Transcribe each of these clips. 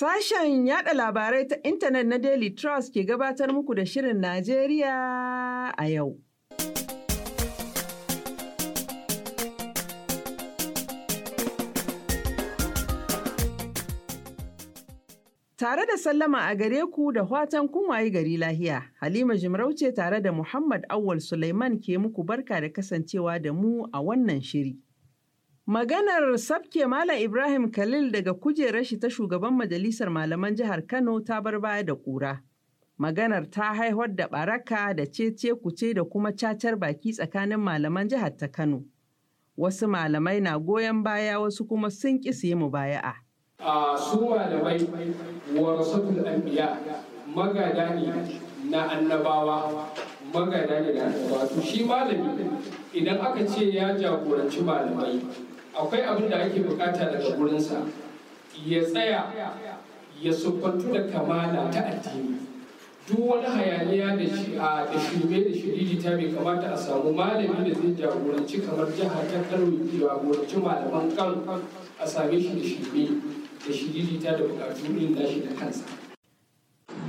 Sashen yada labarai ta intanet na Daily Trust ke gabatar muku da Shirin Najeriya a yau. Tare da sallama a gare ku da watan kunwaye gari lahiya, Halima Jimarauce tare da Muhammad Awal Sulaiman ke muku barka da kasancewa da mu a wannan shiri. Maganar sabke Malam Ibrahim Khalil daga kujerar shi ta shugaban majalisar malaman jihar Kano ta bar baya da kura. Maganar ta haihuwar da baraka da cece kuce da kuma cacar baki tsakanin malaman jihar ta Kano. Wasu malamai na goyon baya wasu kuma sun ƙi su yi baya A su malamai warasatul anbiya magada ne na annabawa magada ne da annabawa shi malami idan aka ce ya jagoranci malamai akwai abin da ake bukata daga gurinsa ya tsaya ya sukwantu da kamala ta addini duk wani hayaniya da shi a da shirme da shiriri ta bai kamata a samu malami da zai jagoranci kamar jiha ta kano jagoranci malaman kan a same shi da shirme da shiriri ta da bukatu irin nashi da kansa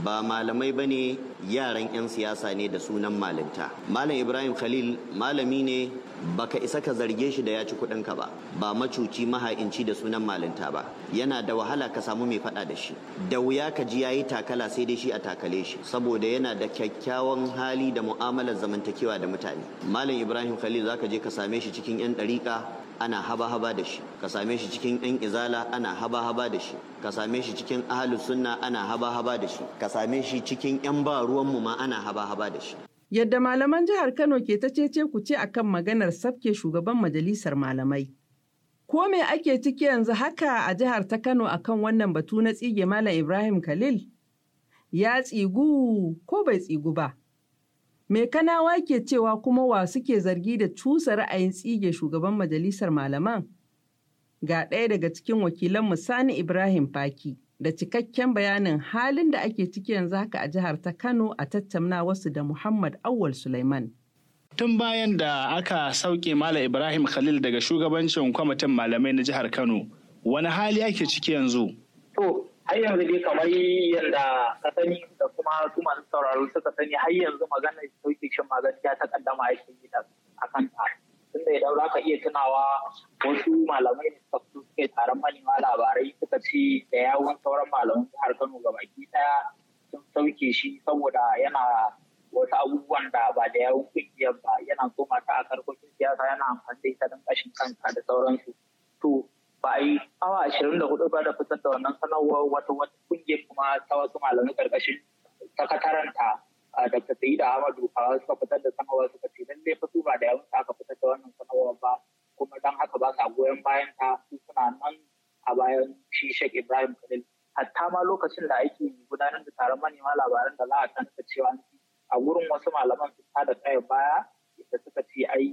ba malamai ba ne yaran 'yan siyasa ne da sunan malinta malam ibrahim khalil malami ne baka isa ka zarge shi da ya ci ka ba ba macuci maha'inci da sunan malinta ba yana da wahala ka samu mai faɗa da shi da wuya ka ji yayi takala sai dai shi a takale shi saboda yana da kyakkyawan hali da mu'amalar zamantakewa da mutane malam ibrahim khalil zaka je ka same shi cikin yan ɗariƙa ana haba-haba da shi ka same shi cikin yan izala ana haba-haba da shi ka same shi cikin ahlus sunna ana haba-haba da shi ka same shi cikin yan ba mu ma ana haba-haba da shi Yadda malaman jihar Kano ke ta cece ku ce akan maganar sabke shugaban majalisar malamai. Ko me ake ciki yanzu haka a jihar ta Kano akan wannan batu na tsige Malam Ibrahim Khalil? Ya tsigu ko bai tsigu ba? Me kanawa ke cewa kuma wa suke zargi da cusa ra'ayin tsige shugaban majalisar malaman? Ga ɗaya daga cikin wakilan Sani Ibrahim Faki. da cikakken bayanin halin da ake ciki yanzu haka a jihar ta Kano a tattauna wasu da Muhammad Awal Sulaiman. Tun bayan da aka sauke Mala Ibrahim Khalil daga shugabancin kwamitin malamai na jihar Kano, wani hali ake ciki yanzu? To, har yanzu dai kamar yadda ka sani da kuma su masu sauraro suka sani har yanzu maganar sauke shin magaskiya ta kaddama aikin yi a kan ta. tun da idan ka iya tunawa wasu malamai da suka fito suke taron manema labarai suka ce da yawon sauran malaman jihar Kano baki daya sun sauke shi saboda yana wasu abubuwan da ba da yawon kungiyar ba yana so mata a karkokin siyasa yana amfani da ita don kashin kanka da sauransu to ba a yi awa ashirin da hudu ba da fitar da wannan sanarwar wata wata kungiyar kuma ta wasu malamai karkashin sakataranta Dr. Sa'ida Ahmadu a suka fitar da sanarwar suka ce dai fa su ba da yawansa aka fitar da wannan sanarwar ba kuma dan haka ba sa goyon bayan ta su suna nan a bayan shi Ibrahim Khalil hatta ma lokacin da ake gudanar da taron manema labaran da za a tantance cewa a gurin wasu malaman ta da kai baya da suka ce ai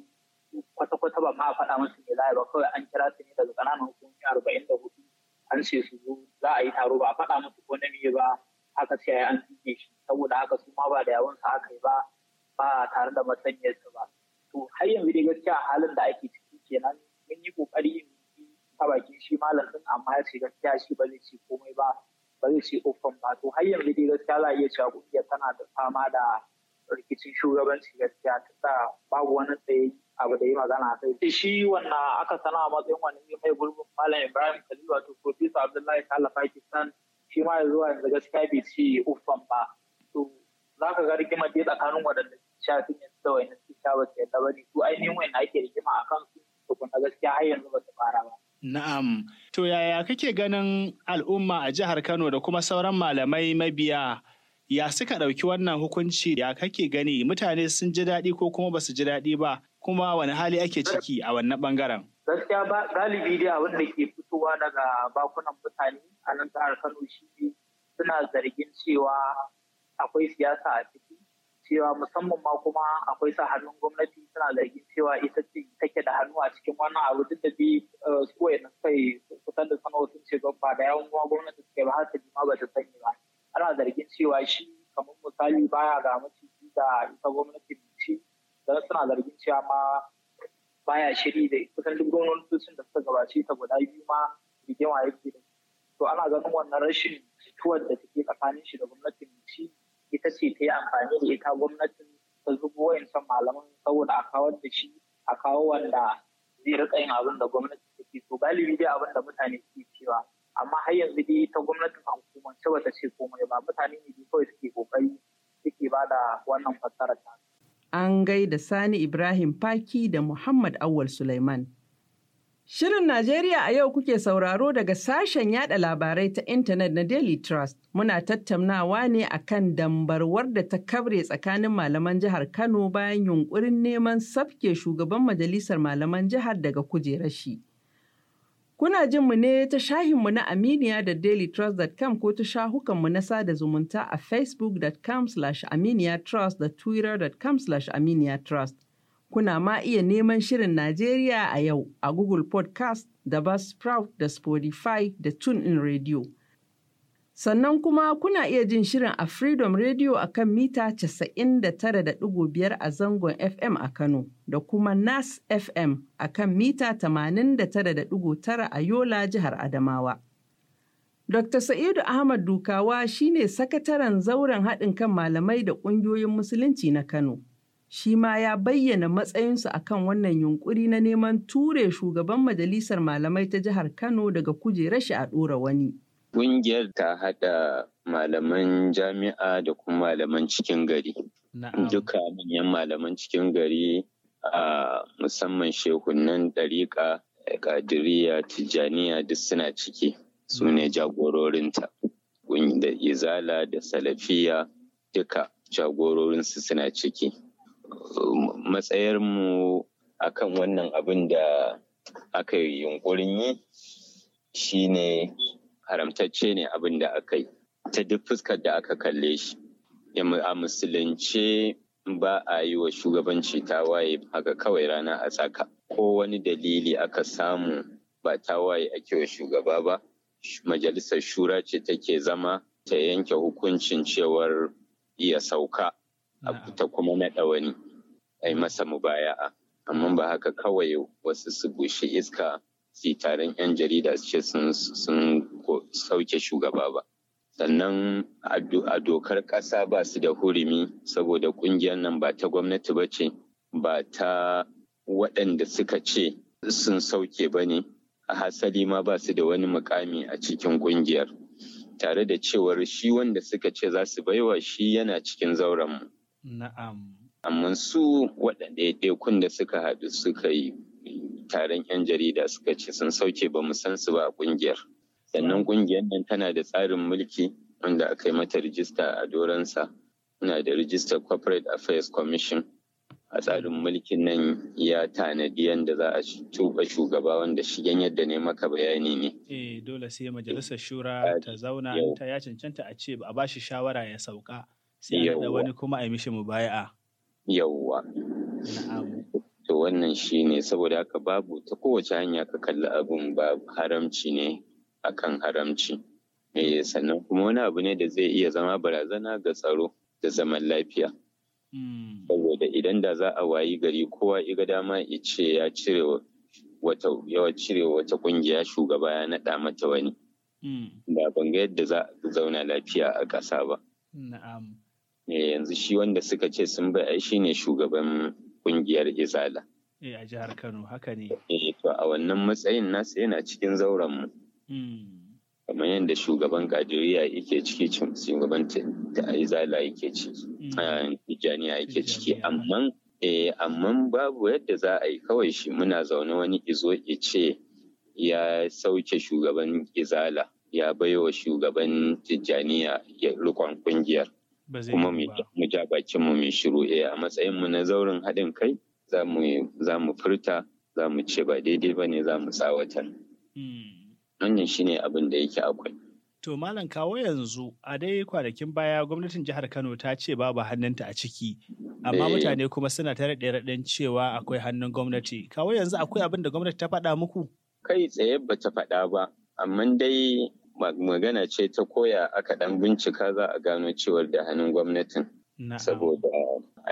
kwata-kwata ba ma faɗa musu me za ba kawai an kira su ne daga ƙananan hukumomi arba'in da hudu an ce su zo za a yi taro ba a faɗa musu ko na ba aka ce ai an tuke shi saboda haka su ma ba da yawon sa aka yi ba ba tare da su ba to har yanzu dai gaskiya halin da ake ciki kenan mun yi kokari ta bakin shi malam din amma ya ce gaskiya shi ba zai ce komai ba ba zai ce ofan ba to har yanzu dai gaskiya za a iya cewa kungiyar tana da fama da rikicin shugabanci gaskiya sa babu wani tsaye abu da yi magana sai sai eh, shi wannan aka sana a matsayin wani mai gurbin malam ibrahim khalil wato profesa abdullahi kala pakistan shi ma zuwa yanzu gaskiya bai ci uffan ba to za ka ga rigima dai tsakanin waɗanda sha sun yanzu su wani su sha ba su yadda ba ne su ainihin wani ake rigima a kan su tukuna gaskiya har yanzu ba su fara ba. Na'am, to yaya kake ganin al'umma a jihar Kano da kuma sauran malamai mabiya ya suka ɗauki wannan hukunci ya kake gani mutane sun ji daɗi ko kuma ba su ji daɗi ba kuma wani hali ake ciki a wannan ɓangaren? gaskiya ba galibi dai abin da ke fitowa daga bakunan mutane a nan jihar kano shi suna zargin cewa akwai siyasa a ciki cewa musamman ma kuma akwai sa hannun gwamnati suna zargin cewa ita ce take da hannu a cikin wannan abu duk da bi eh, su wayannan kai kusan da sama sun ce ba da yawan kuma gwamnati suke ba haka ma ba ta sani ba ana zargin cewa shi kamar misali baya ga maciji da ita gwamnati ci don suna zargin cewa ma baya shiri da kusan duk sun da suka gabace ta guda biyu ma rigima yake da to ana ganin wannan rashin jituwar da take tsakanin shi da gwamnatin shi ita ce ta yi amfani da ita gwamnatin ta zubo wayancan malaman saboda a kawar da shi a kawo wanda zai rika yin abin da gwamnati take so galibi dai abin da mutane ke cewa amma har yanzu dai ta gwamnatin a hukumance ta ce komai ba mutane ne kawai suke kokari suke ba da wannan fassara ta An gaida Sani Ibrahim Faki da Muhammad Awal Suleiman. Shirin Najeriya a yau kuke sauraro daga sashen yada labarai ta intanet na Daily Trust. Muna tattaunawa ne akan dambarwar da ta kabre tsakanin malaman jihar Kano bayan yunkurin neman safke shugaban majalisar malaman jihar daga kujerar shi. Kuna jin mu ne ta shahinmu na Aminiya da dailytrust.com ko ta shahukanmu na sada zumunta a facebook.com slash aminiyatrust da twitter.com slash aminiyatrust. Kuna ma iya neman shirin Najeriya a yau a Google Podcast da Buzzsprout da Spotify da TuneIn Radio. Sannan kuma kuna iya jin shirin a Freedom Radio a kan mita 99.5 a zangon FM a Kano da kuma Nas FM a kan mita 89.9 a Yola jihar Adamawa. Dr. Sa'idu Ahmad Dukawa shine sakataren zauren haɗin kan malamai da ƙungiyoyin Musulunci na Kano. Shi ma ya bayyana matsayinsu a kan wannan yunƙuri na neman ture shugaban majalisar malamai ta jihar Kano daga kujerar shi a ɗora wani. Ƙungiyar ta haɗa malaman jami'a da kuma malaman cikin gari. Duka manyan malaman cikin gari a musamman shehunan ɗariƙa, ƙadiriya, tijjaniya duk suna ciki. Su ne mm. jagororinta. Da izala da salafiya duka jagororinsu suna ciki. Matsayar Matsayarmu akan wannan abin da aka yi yunƙurin yi ne. haramtacce ne abin da aka yi ta duk fuskar da aka kalle shi a musulunce ba a yi wa shugabanci tawaye haka kawai rana a tsaka ko wani dalili aka samu ba tawaye ake wa shugaba ba majalisar shura ce take zama ta yanke hukuncin cewar iya sauka ta kuma naɗa wani a yi masa mubaya'a amma ba haka kawai wasu su bushe iska su taron 'yan jarida su ce sun sauke shugaba ba sannan a dokar ƙasa ba su da hurumi saboda ƙungiyar nan ba ta gwamnati ba ce ba ta waɗanda suka ce sun sauke ba ne a hasali ma ba su da wani mukami a cikin ƙungiyar tare da cewar shi wanda suka ce za su baiwa shi yana cikin zauren Na'am. Amma su waɗanda kun da suka haɗu suka yi taron 'yan jarida suka ce sun sauke ba mu san su ba a ƙungiyar. sannan ƙungiyar nan tana da tsarin mulki wanda aka yi mata rijista a doransa muna da rijistar corporate affairs commission a tsarin mulkin nan ya tanadi yadda za a tuba shugaba wanda shigen yadda ne maka bayani ne. Eh dole sai majalisar shura eh, ta zauna ta ya cancanta a ce a bashi shawara ya sauka sai da wani kuma a yi mishi Yawwa. To wannan shi ne saboda haka babu ta kowace hanya ka kalli abin ba haramci ne akan haramci eh, sannan kuma wani abu ne da zai iya zama barazana ga tsaro da zaman lafiya hmm. saboda idan da za a wayi gari kowa iga dama ya ce ya cire wata yawa cire wata kungiya shugaba ya naɗa mata wani hmm. da ban ga yadda za a zauna lafiya a ƙasa ba na'am eh, yanzu shi wanda suka ce sun bai ai ne shugaban kungiyar izala eh a jihar Kano haka ne eh to a wannan matsayin nasu yana cikin zauren mu kamar yadda shugaban gajeriya yake ciki shugaban izala yake ciki mm. tijjaniya yake ciki amma eh, amma babu yadda za a yi kawai shi muna zaune wani izo ya ce ya sauke shugaban izala ya baiwa shugaban tijjaniya ya rikon kungiyar kuma mu ja bakin mu mai shiru eh a matsayin mu na zaurin haɗin kai za mu furta za mu ce ba daidai ba ne za mu tsawatar. Mm. Wannan shine abin da yake akwai. To Malam kawo yanzu a dai kwanakin baya gwamnatin jihar Kano ta ce babu hannunta a ciki, amma eh. mutane kuma suna tare da raɗen cewa akwai hannun gwamnati. Kawo yanzu akwai abin da gwamnati ta faɗa muku? Kai tsaye ba ta faɗa ba, amma dai magana ce ta koya aka ɗan bincika za a gano cewar da hannun gwamnatin. Saboda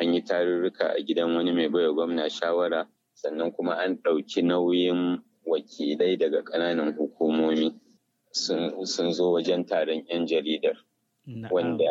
an yi tarurruka a gidan wani mai baiwa gwamna shawara, sannan kuma an ɗauki nauyin wakilai daga ƙananan hukumomi sun zo wajen taron 'yan jaridar wanda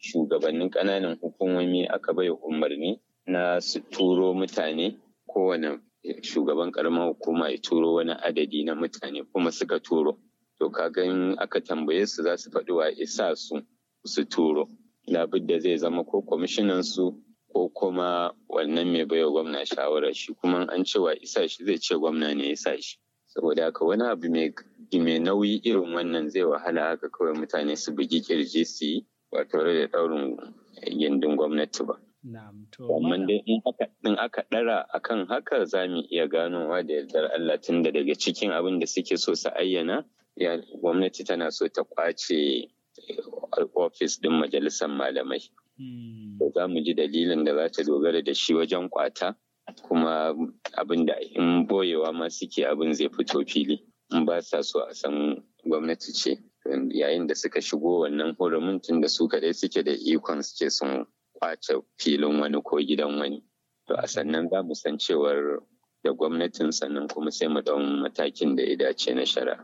shugabannin ƙananan hukumomi aka bai umarni na su turo mutane kowane shugaban karamar hukuma ya turo wani adadi na mutane kuma suka turo to ka kagan aka tambaye su za su faɗi wa isa su su turo labudda zai zama ko kwamishinan su ko kuma wannan mai baiwa gwamna shawarar shi kuma an cewa isa shi zai ce gwamna ne ya sa shi saboda haka wani abu mai aiki mai nauyi irin wannan zai wahala haka kawai mutane su bugi kirji su yi ba tare da daurin gindin gwamnati ba. Amma dai in aka ɗara a kan haka za mu iya ganowa da yardar Allah tun da daga cikin abin da suke so su ayyana gwamnati tana so ta kwace eh, ofis ɗin majalisar malamai. Hmm. Za mu ji dalilin da za ta dogara da shi wajen kwata kuma abin da in boyewa ma suke abin zai fito fili. in ba sa so a san gwamnati ce yayin da suka shigo wannan hurumin tun da su kaɗai suke da ikon suke sun kwace filin wani ko gidan wani to a sannan za mu san cewar da gwamnatin sannan kuma sai mu ɗan matakin da ya dace na shara.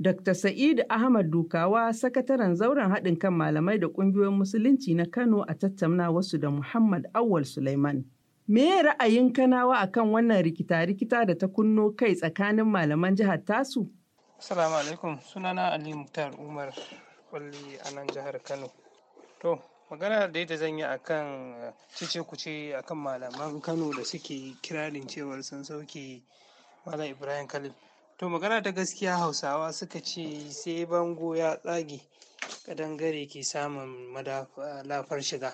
Dr. Sa'id Ahmad Dukawa, sakataren zauren haɗin kan malamai da ƙungiyoyin Musulunci na Kano a tattauna wasu da Muhammad Awal Sulaiman. Me ra'ayin kanawa akan wannan rikita-rikita da ta kunno kai tsakanin malaman jihar tasu? Assalamu alaikum sunana Ali Muktar Umar kwalli a nan jihar Kano. To, magana da yadda zan yi akan cice eh, kuce kan malaman Kano da suke kirarin cewar sun sauke Malam Ibrahim Khalil. To magana ta gaskiya Hausawa suka ce sai bango ya tsage kadangare ke samun madafar shiga.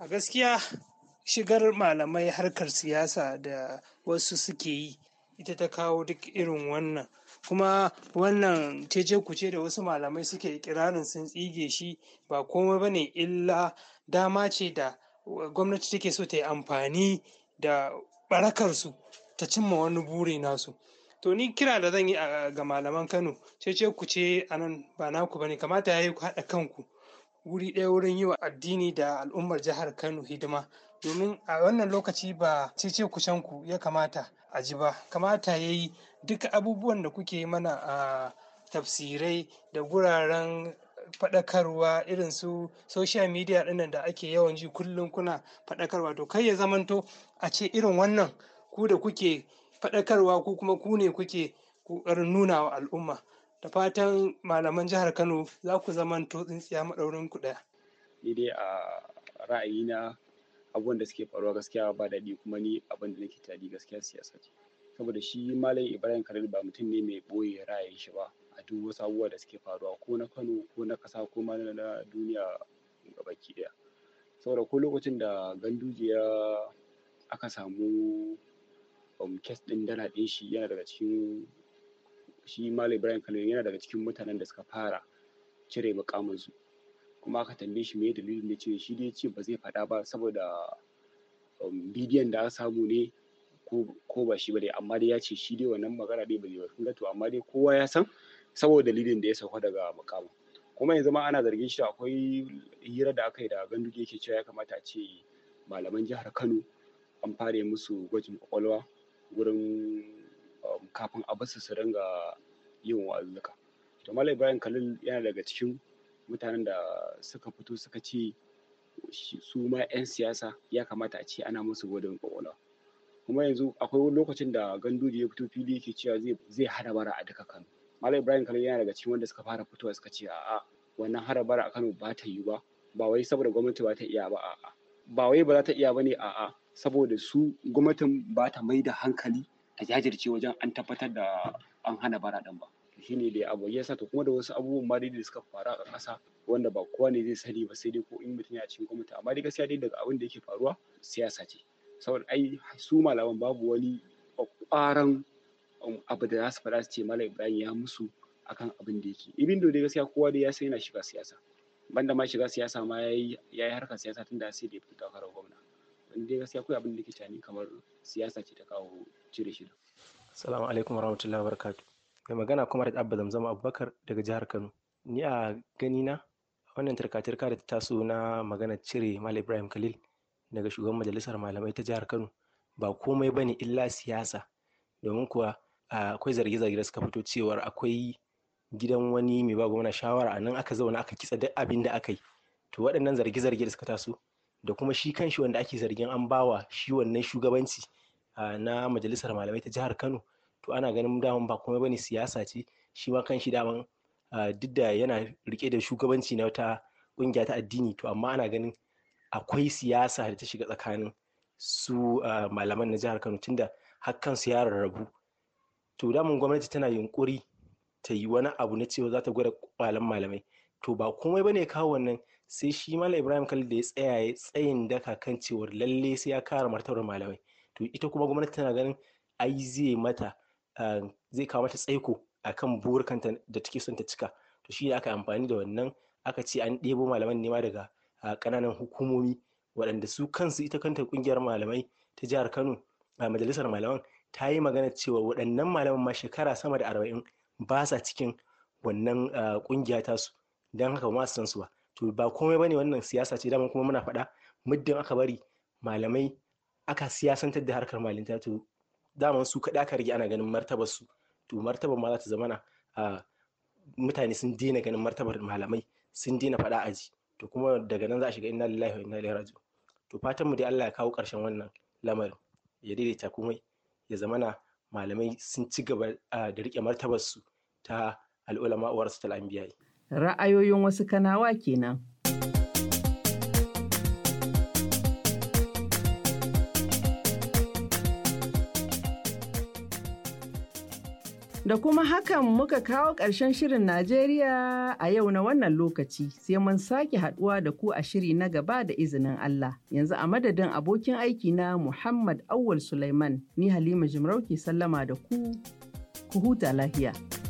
A gaskiya shigar malamai harkar siyasa da wasu suke yi ita ta kawo duk irin wannan kuma wannan cece kuce da wasu malamai suke kiranin sun tsige shi ba komai bane illa dama ce da gwamnati take so ta yi amfani da barakarsu ta cimma wani buri nasu to ni kira da zan yi ga malaman kano cece kuce a nan ba naku bane kamata ya yi haɗa kanku wuri ɗaya wurin yi wa addini da al'ummar jihar Kano hidima domin a wannan lokaci ba cece ku ya kamata a ji ba kamata ya yi duka abubuwan da kuke mana a tafsirai da guraren faɗakarwa irin su social media ɗinnan da ake yawan ji kullum kuna faɗakarwa to kai ya zamanto a ce irin wannan ku da kuke faɗakarwa ko kuma ku ne kuke ƙoƙarin nuna wa al'umma da fatan malaman jihar kano za ku zaman tsintsiya maɗaurin ku ɗaya. ni dai a ra'ayina abubuwan da suke faruwa gaskiya ba daɗi kuma ni abin da nake tadi gaskiya siyasa ce saboda shi malam ibrahim kalil ba mutum ne mai ɓoye ra'ayin shi ba a duk wasu abubuwa da suke faruwa ko na kano ko na ƙasa ko ma na duniya gabaki ɗaya saboda ko lokacin da ganduje ya aka samu um, kes ɗin dala ɗin shi yana daga cikin shi malam ibrahim kalin yana daga cikin mutanen da suka fara cire mukamin kuma aka tambaye shi me dalilin da ce shi dai ce ba zai faɗa ba saboda um, bidiyon da aka samu ne ko ba shi ba dai amma dai ya ce shi dai wannan magana dai ba zai ba kun to amma dai kowa ya san saboda dalilin da ya sauka daga mukamin kuma yanzu ma ana zargin shi akwai hira da aka yi da ganduji yake cewa ya kamata a ce malaman jihar kano an fara musu gwajin kwakwalwa gurin Um, kafin a basu su ringa yin wa'azuzzuka to malam ibrahim khalil yana daga cikin mutanen da suka fito suka ce su ma 'yan siyasa ya kamata a ce ana musu gwadon kwakwalwa kuma yanzu akwai wani lokacin da da ya fito fili yake cewa zai harabara bara a duka kano malam ibrahim khalil yana daga cikin wanda suka fara fitowa suka ce a'a wannan hada bara a kano ba ta yi ba ba wai saboda gwamnati ba ta iya ba a'a ba wai ba za ta iya ba ne a'a saboda su gwamnatin ba ta mai da hankali ta jajirce wajen an tabbatar da an hana bara ɗin ba ne da abu ya to kuma da wasu abubuwan ma da suka faru a ƙasa wanda ba kowa ne zai sani ba sai dai ko in mutum ya cikin gwamnati amma dai gaskiya dai daga abin da yake faruwa siyasa ce saboda ai su malaman babu wani ƙwaran um, abu da za su faɗa su ce malam ibrahim ya musu akan abin da yake ibin dai gaskiya kowa dai ya san yana shiga siyasa banda ma shiga siyasa ma ya yi harkar siyasa tun da sai da ya fito takarar gwamna in dai gaskiya akwai abin da ke tani kamar siyasa ce ta kawo cire shi assalamu alaikum mai magana kuma da abba zamzam abubakar daga jihar kano ni a gani na wannan tarkatarka da ta taso na magana cire mal ibrahim khalil daga shugaban majalisar malamai ta jihar kano ba komai bane illa siyasa domin kuwa akwai zarge-zarge da suka fito cewar akwai gidan wani mai ba gwamna shawara a nan aka zauna aka kitsa duk abin da aka yi to waɗannan zarge-zarge da suka taso da kuma shi kan shi wanda ake zargin an bawa shi wannan shugabanci na majalisar malamai ta jihar kano to ana ganin daman ba komai bane siyasa ce shi ma kan shi daman duk da yana rike da shugabanci na wata kungiya ta addini to amma ana ganin akwai siyasa da ta shiga tsakanin su malaman na jihar kano tunda hakkan su ya rarrabu to daman gwamnati tana yunkuri ta yi wani abu na cewa za ta gwada kwalan malamai to ba komai bane kawo wannan sai shi malam ibrahim khalil da ya tsaya ya tsayin daka kan cewar lalle sai ya kara martabar malamai to ita kuma gwamnati tana ganin ai zai mata ah, zai kawo mata tsaiko akan burkanta da take son ta cika to shi aka amfani da wannan aka ce an ɗebo malaman nema daga ah, ƙananan hukumomi waɗanda su kansu ita kanta ƙungiyar malamai ta jihar kano a ah, majalisar malaman ta yi magana cewa waɗannan malaman ma shekara sama da arba'in ba sa cikin wannan ƙungiya tasu don haka ma su san su ba to ba komai bane wannan siyasa ce dama kuma muna faɗa muddin aka bari malamai aka siyasantar da harkar malinta to daman su kaɗa aka rage ana ganin martabar su to martabar ma za ta zamana mutane sun daina ganin martabar malamai sun daina faɗa aji to kuma daga nan za a shiga inna lillahi wa inna ilaihi raji'un to fatan mu dai Allah ya kawo ƙarshen wannan lamarin ya daidaita komai ya zamana malamai sun ci gaba da rike martabar su ta al'ulama uwar su ta anbiya'i Ra'ayoyin wasu Kanawa kenan. Da kuma hakan muka kawo ƙarshen shirin Najeriya a yau na wannan lokaci sai mun sake haɗuwa da ku a shiri na gaba da izinin Allah. Yanzu a madadin abokin aiki na Muhammad Awul Sulaiman ni Halima ke sallama da ku, ku huta lahiya.